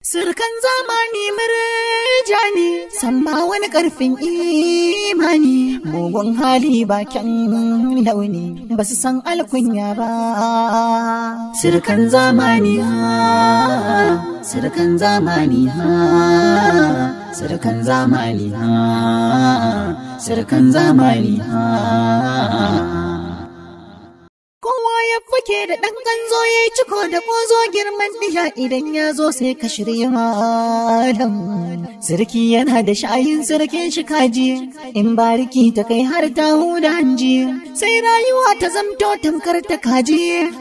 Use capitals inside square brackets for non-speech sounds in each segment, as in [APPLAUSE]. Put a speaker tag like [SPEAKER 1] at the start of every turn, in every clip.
[SPEAKER 1] Surkan zamani murja ne, samma wani ƙarfin imani, mugun hali bakin launi, ba su san alkunya ba. Surkan zamani ha, surkan zamani ha, surkan zamani ha, surkan zamani ha. ya fuke da ɗan ganzo ya yi ciko da ƙozo girman diya idan ya zo sai ka shirya malam. Sarki yana da sha'ayin sarkin shi kaji, in bariki ta kai har ta huda hanji, sai rayuwa ta zamto tamkar ta kaji,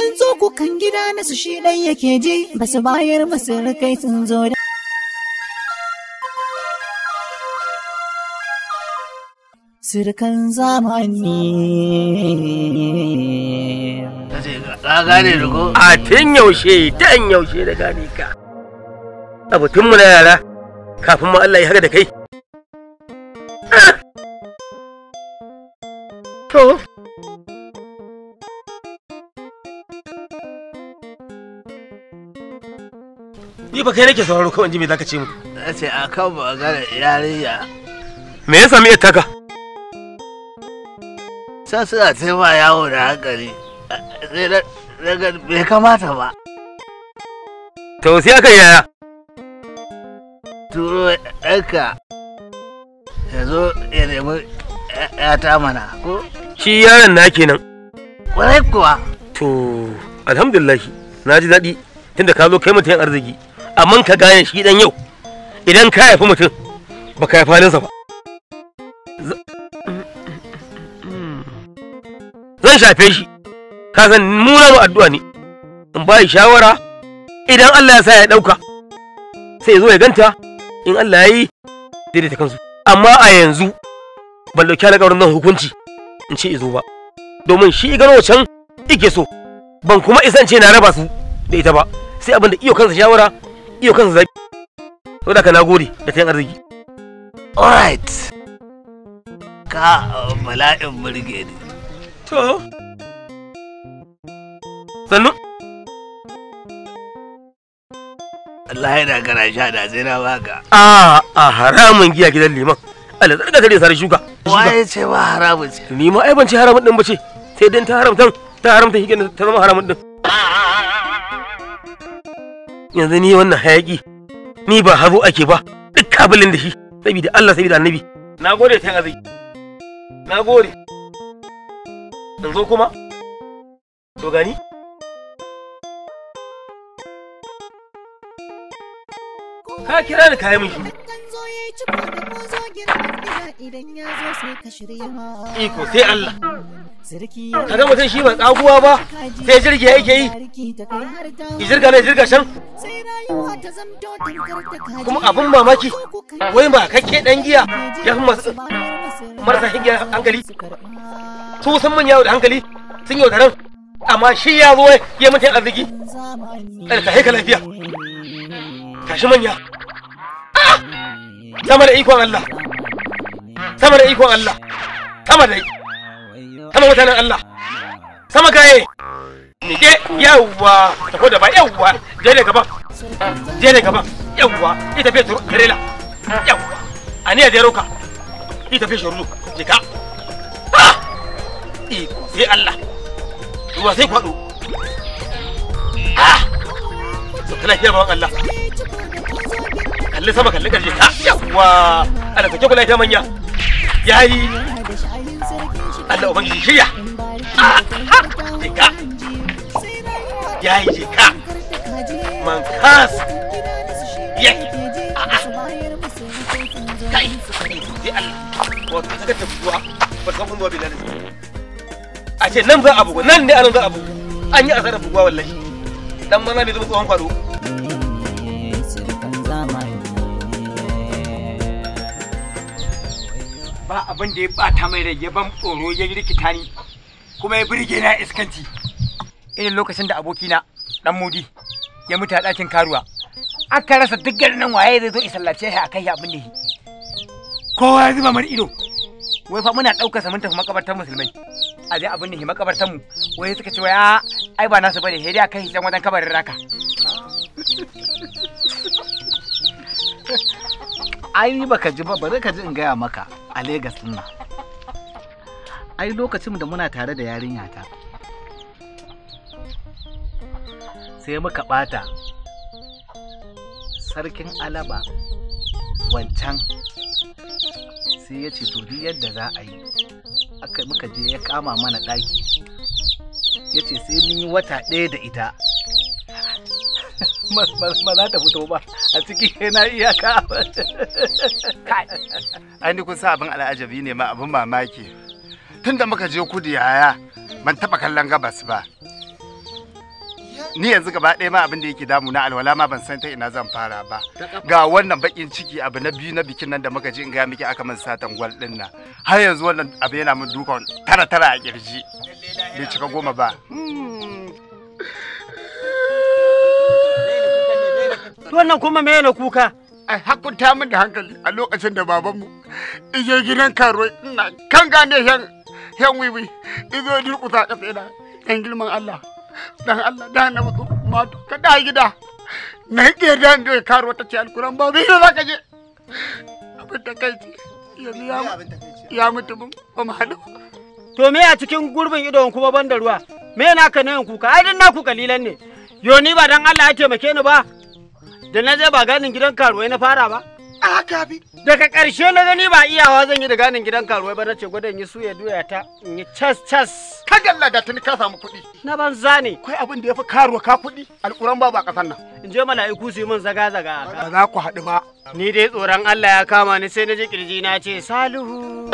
[SPEAKER 1] sun zo kukan gida na su shi ɗan yake ji, basu bayar basu rikai sun zo da. sirkan zamani.
[SPEAKER 2] Ka gane da ko? A tun yaushe, tun yaushe
[SPEAKER 3] da gane ka. Abu tun na yara, kafin ma Allah ya haka da kai. To, Ni ba kai nake sauraro kawai ji me zaka ce mu?
[SPEAKER 2] Na ce a kan ba gane yarinya.
[SPEAKER 3] Me ya sami ita taka?
[SPEAKER 2] can suna taima yawo da hankali bai kamata ba
[SPEAKER 3] to sai aka yaya
[SPEAKER 2] turo ɗanka ya zo ya nemi ta mana ko
[SPEAKER 3] shi yaron na kenan
[SPEAKER 2] kwarai kuwa
[SPEAKER 3] to alhamdulillah na ji daɗi tunda ka zo kai mutum arziki amma ka gane shi dan yau idan ka haifi mutum ba ka haifi halinsa ba zan shafe shi ka san munanu addu'a ne in ba shawara idan Allah ya sa ya ɗauka sai ya zo ya ganta in Allah ya yi daidaita kansu amma a yanzu ban ɗauki alƙawarin nan hukunci in ce izo ba domin shi gano can yake so ban kuma isan ce na raba su da ita ba sai abin da iyo kansa shawara iyo kansa zabi to da ka na gode da ta yin arziki alright ka bala'in murge To. Sannu. Allah
[SPEAKER 2] ya daga na sha da sai na baka.
[SPEAKER 3] A a haramun giya gidan liman. Allah zai daga kare sare shuka. Waye ce ba haramun ce? Ni ma ai ban ce haramun din ba ce. Sai dan ta haramta ta haramta shi ta zama haramun din. Yanzu ni wannan hayaki ni ba hazo ake ba duk kabilin da shi Sabida Allah sabida Annabi. Na gode ta azai. Na gode. in zo kuma to gani ka kira ni kayi min
[SPEAKER 1] iko sai Allah Ka ga mutum shi ba tsaguwa ba sai jirgi yake yi ki
[SPEAKER 3] jirga ne jirga shan kuma abin mamaki wai ba kake dan giya ya fi marasa higiyar hankali su sun manya da hankali sun yi wataran amma shi ya zo ya mutum arziki tsarkake ka lafiya tashi manya ah! sama da ikon Allah sama da ikon Allah sama da sama mutanen Allah sama kaye nike yawwa ta da ba yawwa je ne gaban je ne gaban yawwa ita tafiya turela yawwa a ne da roka ita tafiya shuru jika A'a. sai Allah ruwa sai faɗo ah tana bawan Allah kalli sama kalli ƙarshe yawa Allah sake kula ita manya yayi Allah ubangiji shirya ah! man ah, ah.
[SPEAKER 4] kai sai Allah
[SPEAKER 3] ba ta a ce nan za a bugu nan ne anan za a bugu an yi asarar buguwa wallahi dan mana bai zama tsohon kwado
[SPEAKER 5] ba abin da ya bata mai rage ban tsoro ya rikita ni kuma ya birge na iskanci irin lokacin da abokina dan mudi ya mutu a ɗakin karuwa aka rasa duk garin waye zai zo isallace shi a kai abin ne kowa ya zuba mar ido wai fa muna ɗaukar sa mun tafi musulmai a je abin nihi makabartan mu wai suka ce waya ai ba nasu bane sai dai akan hisan wajen kabarin raka
[SPEAKER 1] [LAUGHS]
[SPEAKER 3] ai ni baka ji ba bari ka ji in gaya maka a Legas din nan ai lokacin da muna tare da yarinya ta sai muka bata sarkin alaba wancan sai ya ce to duk yadda za a yi muka muka je ya kama mana ɗaki yace sai mun yi wata ɗaya da ita [LAUGHS] ba za ta fito ba
[SPEAKER 2] a ciki yana iyaka ai ni kusa abin al'ajabi ne ma abin mamaki tunda muka je kudu yaya ban taɓa kallon gabas ba ni yanzu gaba ɗaya ma abin da yake damu na alwala ma ban san ta ina zan fara ba ga wannan bakin ciki abu na biyu na bikin nan da muka je in ga miki aka min satan gwal din nan har yanzu wannan abu yana min dukan tara tara a kirji bai cika goma ba wannan kuma me yana kuka a hakunta min da hankali a lokacin da babanmu ije gidan karo ina kan gane yan yan wiwi izo dirkusa kafe yan girman Allah dan Allah da na mutu ma to ka da gida na ke da ndo karo ta ce alkuran ba bi da ka je abin da kai yanzu ya ya mutu mun ba mu to me a cikin gurbin idon kuma ban da ruwa me na ka nan kuka ai din ku kalilan ne yo ni ba dan Allah ya taimake ni ba da na je ba ganin gidan karuwai na fara ba haka bi daga ƙarshe na gani ba iyawa zan yi da ganin gidan karuwai ba nace gwadon yi suya doya ta in yi cas cas ka galla da tuni ka samu kuɗi na banza ne kai abin da fi karuwa ka kuɗi alƙuran babu a ƙasar nan in je mala'iku su yi min zaga zaga ba za ku haɗu ba ni dai tsoron Allah ya kama ni sai na ji ƙirji na ce salihu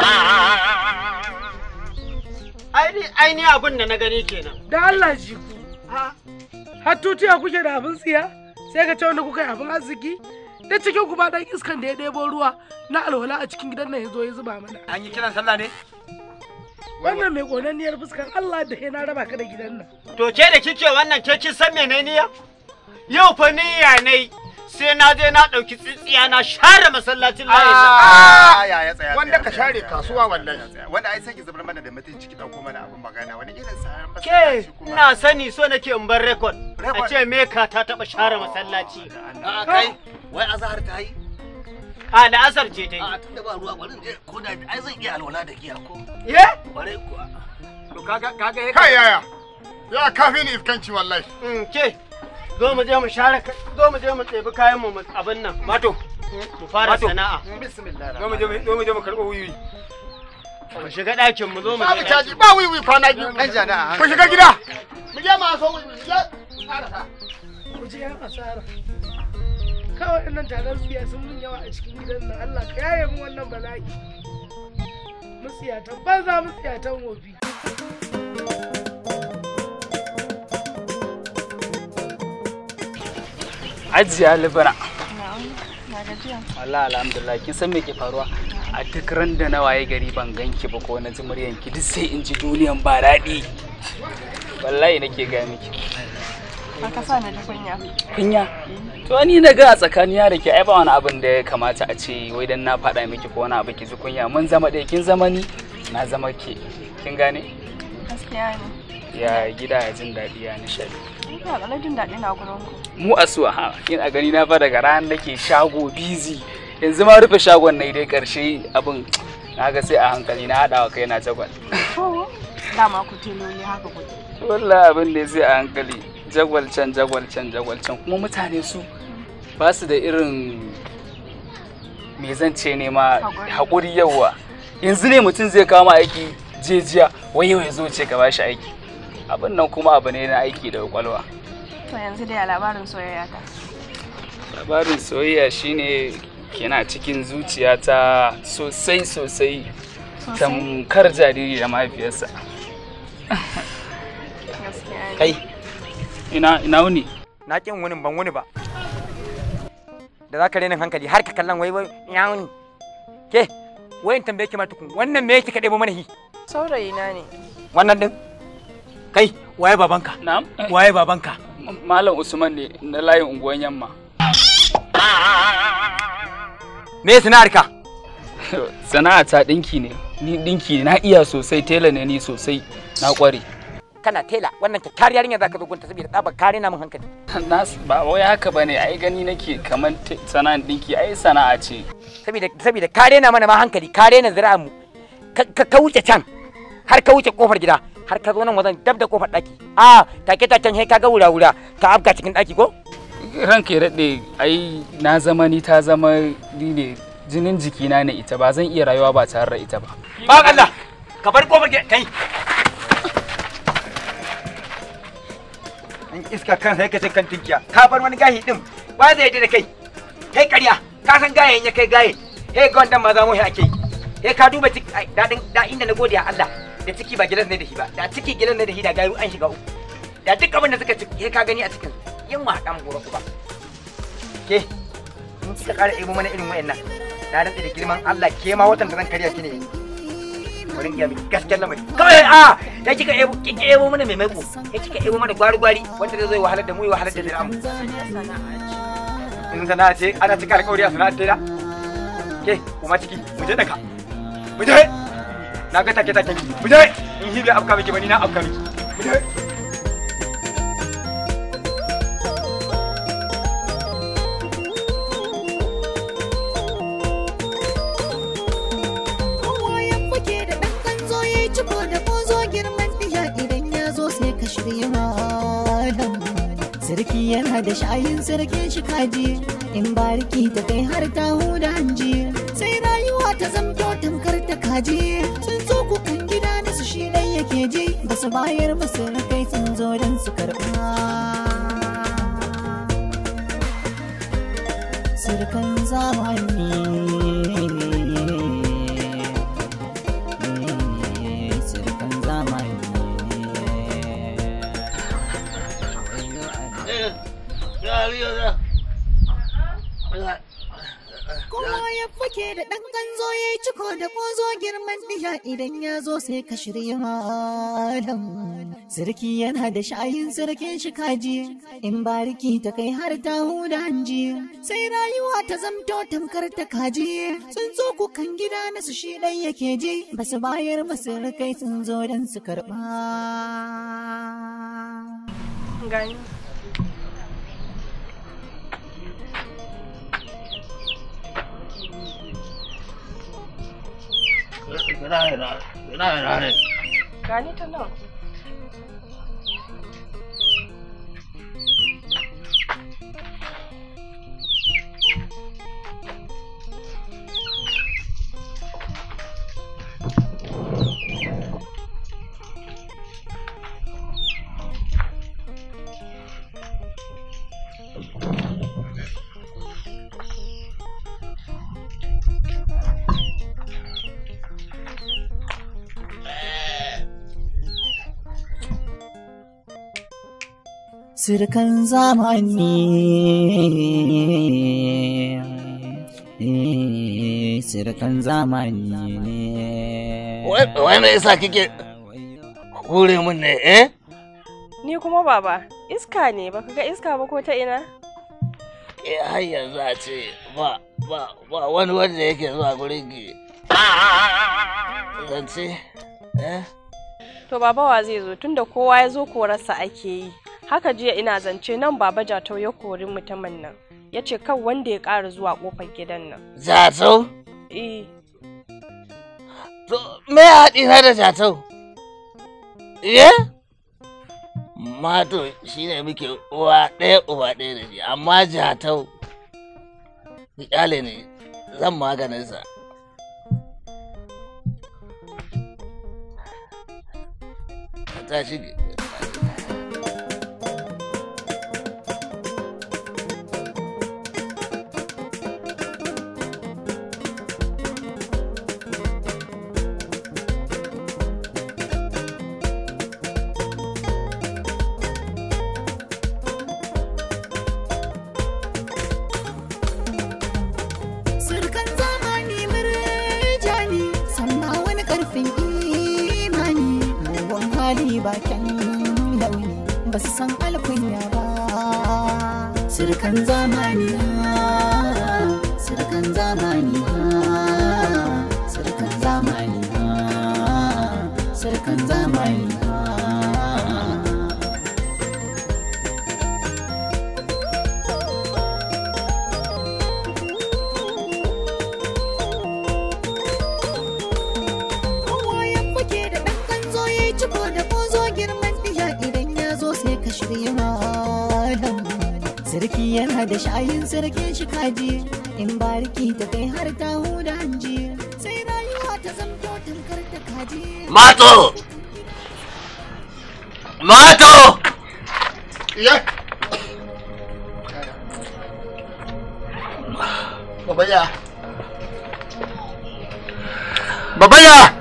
[SPEAKER 2] aini aini abin da na gani kenan
[SPEAKER 3] da Allah ji ku ha tutiya kuke da abin tsiya sai ka ce wanda kuka yi abin arziki da cikin ba dan iskan da ya ɗebo ruwa na alwala a cikin gidan nan ya zo ya zuba mana an yi kiran sallah ne wannan mai ƙonanniyar fuskar Allah da ya na raba ka da gidan nan to ke da kike wannan ke kin san menene niyya yau fa niyya ne sai
[SPEAKER 2] na je na ɗauki tsitsiya na share masallacin ah, ya tsaya Wanda ka share kasuwa wallahi. Wanda ai sake zubar mana da mutun ciki dauko mana abin magana wani irin sayan masallaci Ke ina sani so nake in bar rekod. A ce me ka ta taɓa share masallaci. A ah, kai. wai azahar ta yi a da asar ce ta yi a
[SPEAKER 3] tunda ba ruwa barin ne ko da ai zan iya alwala da giya ko
[SPEAKER 2] ye bare
[SPEAKER 3] kuwa to kaga kaga kai yaya ya
[SPEAKER 2] kafi ni iskanci wallahi mm ke zo mu je mu share zo mu je mu tsebi kayan mu abin nan mato mu fara sana'a bismillah zo mu je zo mu je mu karbo wuyi mu shiga ɗakin mu zo mu babu caji ba wiwi kwana biyu ɗan jana ku shiga gida
[SPEAKER 3] mu je mu aso mu ya asara ku je mu asara kawai wannan taron zuciya sun mun yawa a cikin gidan nan Allah ka yaye mu wannan bala'i mu banza ta wofi
[SPEAKER 6] ajiya libra Allah alhamdulillah kin san me ke faruwa a duk ran da na waye gari ban ganki ba ko na ji muryanki duk sai in ji duniyan ba daɗi wallahi nake ga miki
[SPEAKER 1] Haka sa na ji kunya. Kunya?
[SPEAKER 6] To ni na ga tsakaniya da ke ai ba wani abin da ya kamata a ce wai dan na faɗa miki ko wani abu ki ji kunya mun zama ɗaya kin zama ni na zama ke. Kin gane?
[SPEAKER 5] Gaskiya ne.
[SPEAKER 6] Ya gida ya jin daɗi ya nishaɗi.
[SPEAKER 5] Ina jin daɗi na gurin ku.
[SPEAKER 6] Mu asuwa ha ina gani na fa daga ran nake shago busy yanzu ma rufe shagon na dai karshe abin na ga sai a hankali na haɗawa kai na jagwal.
[SPEAKER 3] Dama ku tilo ne haka kuke.
[SPEAKER 6] Wallah abin da ya sai a hankali. jagwalcen jagwalcen jagwalcen kuma mutane su ba su da irin me zan ce ne ma haƙuri yawa yanzu ne mutum zai kama aiki jejiya wai yau ya zo ce ka bashi aiki abin nan kuma abu ne na aiki da kwakwalwa
[SPEAKER 1] to yanzu dai labarin soyayya ta
[SPEAKER 6] labarin soyayya shine kina cikin zuciya ta sosai sosai
[SPEAKER 1] tamkar
[SPEAKER 6] jariri da mahaifiyarsa [LAUGHS] kai ina ina wuni
[SPEAKER 5] na kin wuni ban wuni ba da zaka rena hankali har ka kallon wai wai ina wuni ke wai tambaye ki matukun wannan me yake debo mana hi
[SPEAKER 6] saurayi na ne
[SPEAKER 5] wannan din kai waye babanka na'am waye babanka
[SPEAKER 6] malam usman ne na layin unguwan yamma me sana'ar ka sana'a ta dinki ne ni dinki na iya sosai tela ne ni sosai na kware
[SPEAKER 5] kana tela wannan kyakkyar yarinya zaka zo gunta saboda tsaba kare na mun hankali
[SPEAKER 6] nas ba wai haka bane ai gani nake kaman
[SPEAKER 5] sana'an dinki ai sana'a ce saboda saboda kare na mana ma hankali kare na zira mu ka wuce can har ka wuce kofar gida har ka zo nan wajen dab da kofar daki a take can he ka ga wura wura ka afka cikin daki ko
[SPEAKER 6] ranka ya daɗe ai na zama ni ta zama ni ne jinin jikina ne ita ba zan iya rayuwa ba tare da ita ba
[SPEAKER 5] ba Allah ka bar kofar kai in iska kan sai ka kan ka bar wani gahi din ba zai yi da kai kai karya ka san gayen ya kai gaye eh ga wannan ma za mu ake eh ka duba daɗin da inda na gode a Allah da ciki ba gidan ne da shi ba da ciki gidan ne da shi da gayu an shiga uku da duk abin da suka ci eh ka gani a cikin yin dan haɗa ku ba ke in suka ƙara ibu mana irin wayannan na rantsa da girman Allah ke ma watan da zan karya ki ne wurin gaya gaskiyar lamari kawai a ya kika ebo mana mai maiko ya ebo mana gwari gwari wanda zai wahalar da mu wahalar da diramu in sana'a ce ana cika alƙawari a sana'ar da ke kuma ciki mu je mu je na ga take take mu je in hibe miki bani na miki mu je
[SPEAKER 1] yana da shayin sarkin shi kaji in bariki ta kai har ta huda hanji sai rayuwa ta zamto tamkar ta kaji sun zo kukan gida na su shi dai yake ji ba su bayar ba su kai sun zo don su karɓa surkan zamani da ɗan ganzo ya yi ciko da ƙozo girman diya idan ya zo sai ka shirya malam. Sarki yana da sha'ayin sarkin shi kaji, in bariki ta kai har ta huda hanji, sai rayuwa ta zamto tamkar ta kaji, sun zo kukan gida na su shi ɗan yake ji, ba su bayar ba su rikai sun zo don su karɓa.
[SPEAKER 2] ぐらぐら、ぐらぐられ。ganito no.
[SPEAKER 1] Thank you. sirkan zamani eh, sirkan zamani ne
[SPEAKER 2] wai yasa kike
[SPEAKER 1] hure mun ne eh
[SPEAKER 2] ni kuma baba iska ne ka ga iska ba ko ta ina eh har yanzu a ce ba ba ba wani wanda yake zuwa gurin ki zance eh to baba wa zai zo tunda kowa ya zo korarsa ake yi haka jiya ina zance nan baba jatau ya kori mutumin nan ya ce kan wanda ya ƙara zuwa ƙofar gidan nan
[SPEAKER 1] jatau eh to
[SPEAKER 2] me ya haɗi na da jatau eh mato shi ne muke uwa ɗaya uba ɗaya da shi amma jatau ƙyale ne zan sa ta shige
[SPEAKER 1] 在。da shayin sarkin shi kaji in bariki ta kai har ta huda hanji sai rayuwa ta zamto
[SPEAKER 2] tamkar ta kaji. Mato! Mato! Iya. Babaya. Babaya!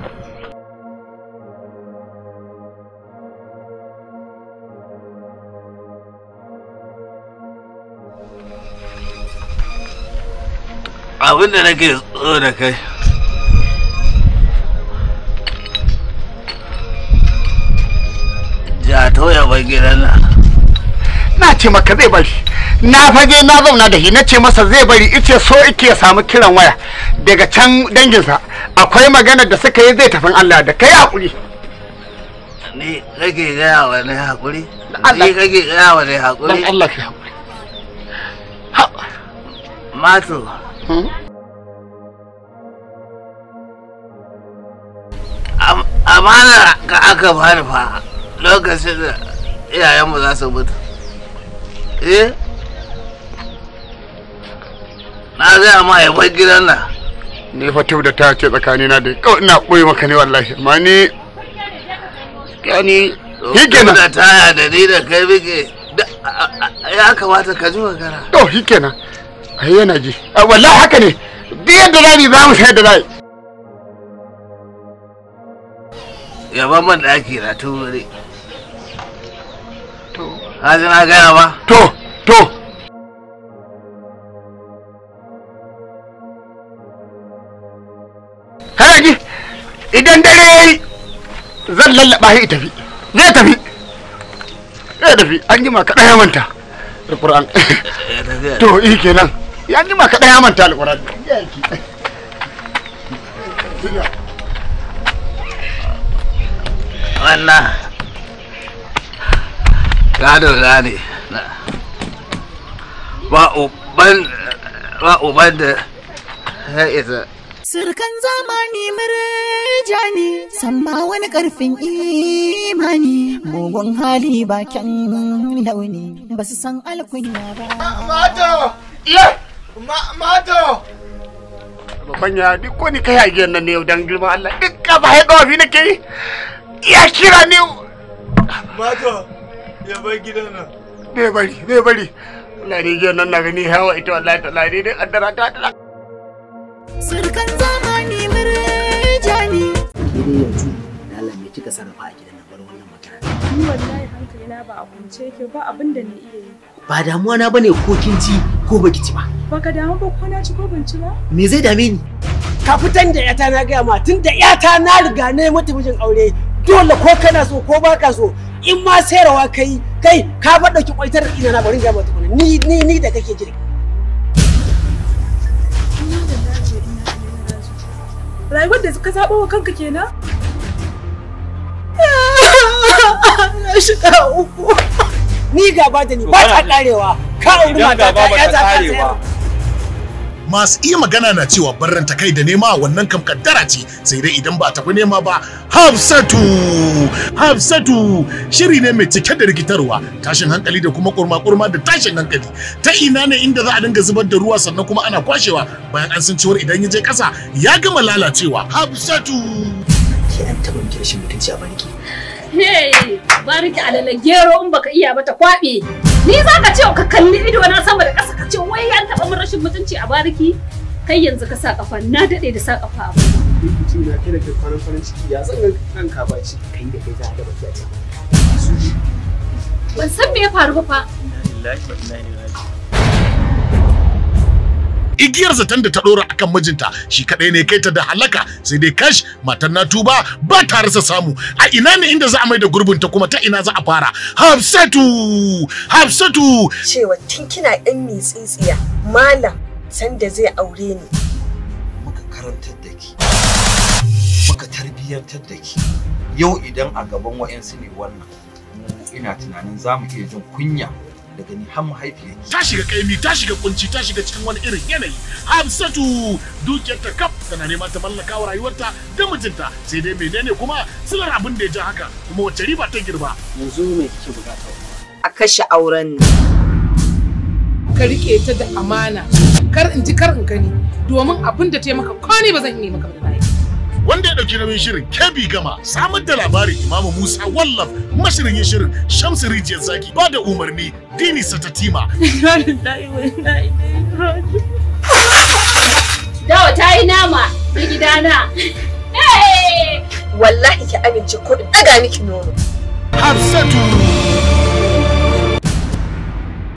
[SPEAKER 2] abin da nake tso da kai ja toya bai gidan na. na ce maka zai bari na fage na zauna da shi na ce masa zai bari ice so ike samu kiran waya daga can danginsa akwai magana da suka yi zai tafin Allah da kai hakuri ni kake gaya wa ne hakuri ni kake gaya wa ne hakuri Allah ki hakuri Mato. Hmm? amana ka aka bani fa lokacin da iyayenmu za su mutu eh na gaya ma ya bar gidan nan
[SPEAKER 4] ni fa da ta ce tsakanina da
[SPEAKER 2] kawai ina koyi maka ne wallahi amma ni yani hikena da taya da ni da kai bige ya kamata ka ji magana to hikena ai yana ji ah, wallahi haka ne duk yadda za ni za mu sai da zai ya ba man daki na to wuri to hazin na gaya ba to to kana ji idan dare yayi zan lallaba shi tafi zai tafi zai tafi an jima kaɗan ya manta da ƙur'an
[SPEAKER 3] eh, eh,
[SPEAKER 2] to yi kenan ya jima kaɗan ya manta alƙur'ani wannan gado gane ba uban ba uban da ya isa
[SPEAKER 1] Surkan zamani murja ne, samma wani ƙarfin imani, mugun hali bakin launi, ba su san alkunya ba. Mata! Iya!
[SPEAKER 2] Mato! Babban ya ko ni kai hagiyar nan ne yau don girman Allah ba ya ya kira ne. Mato ya bar gidan nan. Bai bari bari. Allah ne gidan nan na gani hawa ita wallahi ta lari dai addara ta ta. Surkan
[SPEAKER 6] zamani murjani.
[SPEAKER 3] Gidan rika sarrafa a gidan nan bar wannan
[SPEAKER 4] magana. Ni wallahi hankali na ba a kunce yake ba abin da na iya yi.
[SPEAKER 3] Ba damuwa na bane ko kin ci ko baki ci ba.
[SPEAKER 4] Ba ka damu ba ko na ci ko ban ci ba?
[SPEAKER 2] Me zai dame ni? Ka fitan da yata na gaya ma tun da yata na riga na yi mata mijin aure dole ko kana so ko ba ka so in ma rawa kai
[SPEAKER 3] kai ka faɗa ki kwaitar ina na bari ga mata ni ni ni da kake jira. Rayuwar da ka zaɓo wa kanka kenan? Na shiga uku.
[SPEAKER 2] Ni gaba da ni ba ta karewa. Ka auri mata ta ya ta karewa.
[SPEAKER 4] Masu iya magana na cewa barranta kai da nema wannan kam kaddara ce sai dai idan ba tafi nema ba Hafsatu Hafsatu shiri ne mai cike da rikitarwa tashin hankali da kuma kurma kurma da tashin hankali ta ina ne inda za a dinga zubar da ruwa sannan kuma ana kwashewa bayan an san idan ya je kasa ya gama lalacewa Hafsatu
[SPEAKER 1] ke an taɓa miki rashin mutunci a bariki. Hey, bariki alala gero in baka iya ba ta kwaɓe. Ni za ka ce ka kalli ido na sama da ƙasa ka ce wai an taɓa min rashin mutunci a bariki. Kai yanzu ka sa ƙafa na daɗe da sa ƙafa a bariki.
[SPEAKER 4] Mutum na kai da kai kwanan farin
[SPEAKER 6] ciki ya zan ga ka ba ci kai da kai za ka baki a can.
[SPEAKER 3] Ban
[SPEAKER 1] san me ya faru ba fa.
[SPEAKER 4] Alhamdulillah, alhamdulillah. igiyar zaton da ta dora akan mijinta shi kadai ne kai ta da halaka sai dai kash matar na tuba ba ta rasa samu a ina ne inda za a mai da gurbin ta kuma ta ina za a fara hafsatu hafsatu cewa tun kina yan mitsitsiya malam sanda zai aure ni muka karantar da ki
[SPEAKER 3] muka tarbiyyantar
[SPEAKER 4] da ki yau idan a gaban wa'yansu ne wannan ina tunanin za mu iya jin kunya daga ni har mahaifiyar ta shiga kaimi ta shiga kunci ta shiga cikin wani irin yanayi Hamsatu dukiyar ta kaf tana neman ta mallaka wa rayuwarta da mijinta sai dai menene kuma silar abin da ya ja haka kuma wace riba ta girba yanzu me kike bukata a kashe auren
[SPEAKER 3] ka rike ta da amana kar in ji kar in gani domin abin da ta yi maka ko ne ba zan iya maka ba
[SPEAKER 4] wanda ya ɗauki nauyin shirin kebi gama samar da labarin imamu musa wallaf mashirin shirin shamsu rijiyar zaki ba da umarni dini satatima dawa ta yi nama na gidana
[SPEAKER 3] wallahi ki amince ko in ɗaga miki nono
[SPEAKER 1] Hafsatu